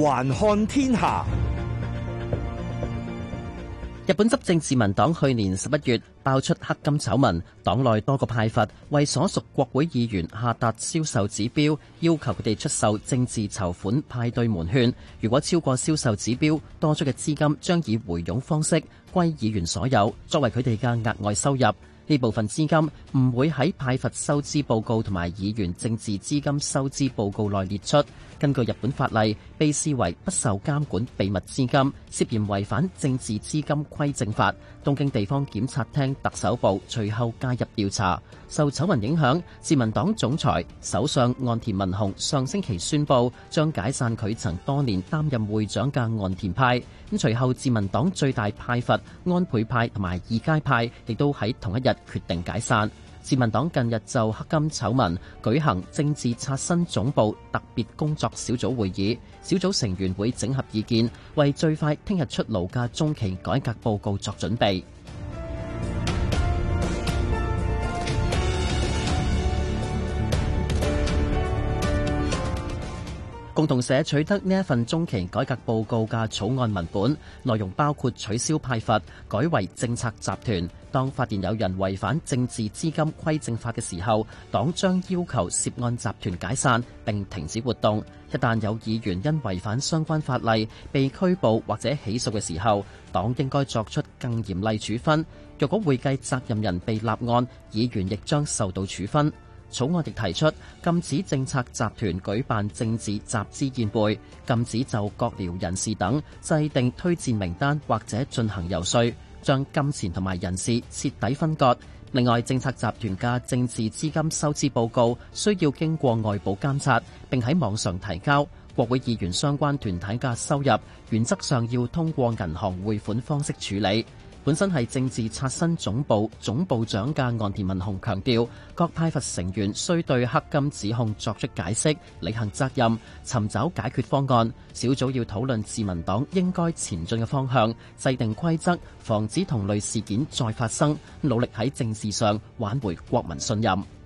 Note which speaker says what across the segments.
Speaker 1: 環看天下，日本執政自民黨去年十一月爆出黑金醜聞，黨內多個派閥為所屬國會議員下達銷售指標，要求佢哋出售政治籌款派對門券，如果超過銷售指標，多出嘅資金將以回佣方式歸議員所有，作為佢哋嘅額外收入。呢部分資金唔會喺派閥收支報告同埋議員政治資金收支報告內列出。根據日本法例，被視為不受監管秘密資金，涉嫌違反政治資金規正法。東京地方檢察廳特首部隨後介入調查。受醜聞影響，自民黨總裁首相岸田文雄上星期宣佈將解散佢曾多年擔任會長嘅岸田派。咁隨後，自民黨最大派閥安倍派同埋二階派亦都喺同一日決定解散。自民黨近日就黑金醜聞舉行政治刷新總部特別工作小組會議，小組成員會整合意見，為最快聽日出爐嘅中期改革報告作準備。共同社取得呢一份中期改革報告嘅草案文本，內容包括取消派發，改為政策集團。當發現有人違反政治資金規正法嘅時候，黨將要求涉案集團解散並停止活動。一旦有議員因違反相關法例被拘捕或者起訴嘅時候，黨應該作出更嚴厲處分。若果會計責任人被立案，議員亦將受到處分。草案亦提出禁止政策集團舉辦政治集資宴會，禁止就閣僚人士等制定推薦名單或者進行游說。將金錢同埋人事徹底分割。另外，政策集團嘅政治資金收支報告需要經過外部監察，並喺網上提交。國會議員相關團體嘅收入，原則上要通過銀行匯款方式處理。本身係政治刷新總部總部長嘅岸田文雄強調，各派閥成員需對黑金指控作出解釋，履行責任，尋找解決方案。小組要討論自民黨應該前進嘅方向，制定規則，防止同類事件再發生，努力喺政治上挽回國民信任。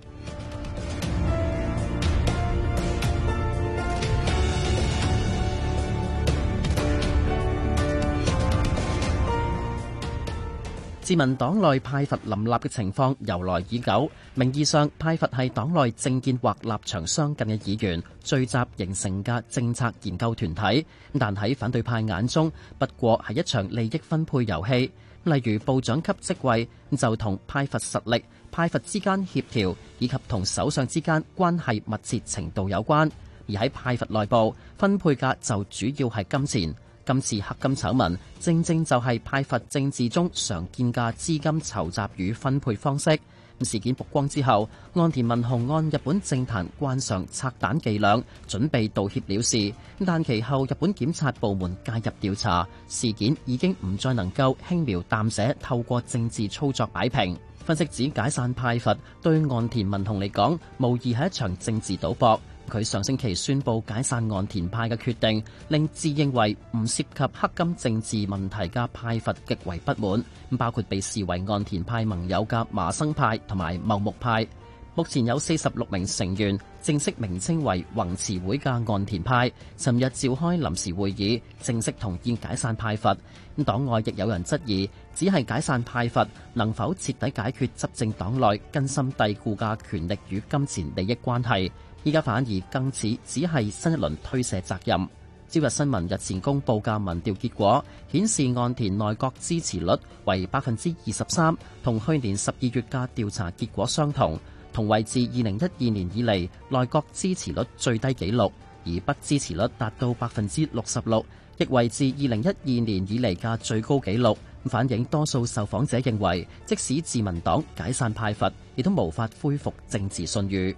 Speaker 1: 自民黨內派閥林立嘅情況由來已久，名義上派閥係黨內政見或立場相近嘅議員聚集形成嘅政策研究團體，但喺反對派眼中不過係一場利益分配遊戲。例如部長級職位就同派閥實力、派閥之間協調以及同首相之間關係密切程度有關，而喺派閥內部分配嘅就主要係金錢。今次黑金醜聞正正就係派閥政治中常見嘅資金籌集與分配方式。事件曝光之後，岸田文雄按日本政壇慣常拆彈伎倆準備道歉了事。但其後日本檢察部門介入調查，事件已經唔再能夠輕描淡寫，透過政治操作擺平。分析指，解散派閥對岸田文雄嚟講無疑係一場政治賭博。佢上星期宣布解散岸田派嘅決定，令自認為唔涉及黑金政治問題嘅派閥極為不滿，包括被視為岸田派盟友嘅麻生派同埋茂木派。目前有四十六名成員，正式名稱為宏池會嘅岸田派，尋日召開臨時會議，正式同意解散派閥。咁黨外亦有人質疑，只係解散派閥能否徹底解決執政黨內根深蒂固嘅權力與金錢利益關係？依家反而更似只係新一輪推卸責任。朝日新聞日前公布嘅民調結果顯示，岸田內閣支持率為百分之二十三，同去年十二月嘅調查結果相同，同為自二零一二年以嚟內閣支持率最低紀錄，而不支持率達到百分之六十六，亦為自二零一二年以嚟嘅最高紀錄。反映多數受訪者認為，即使自民黨解散派閥，亦都無法恢復政治信譽。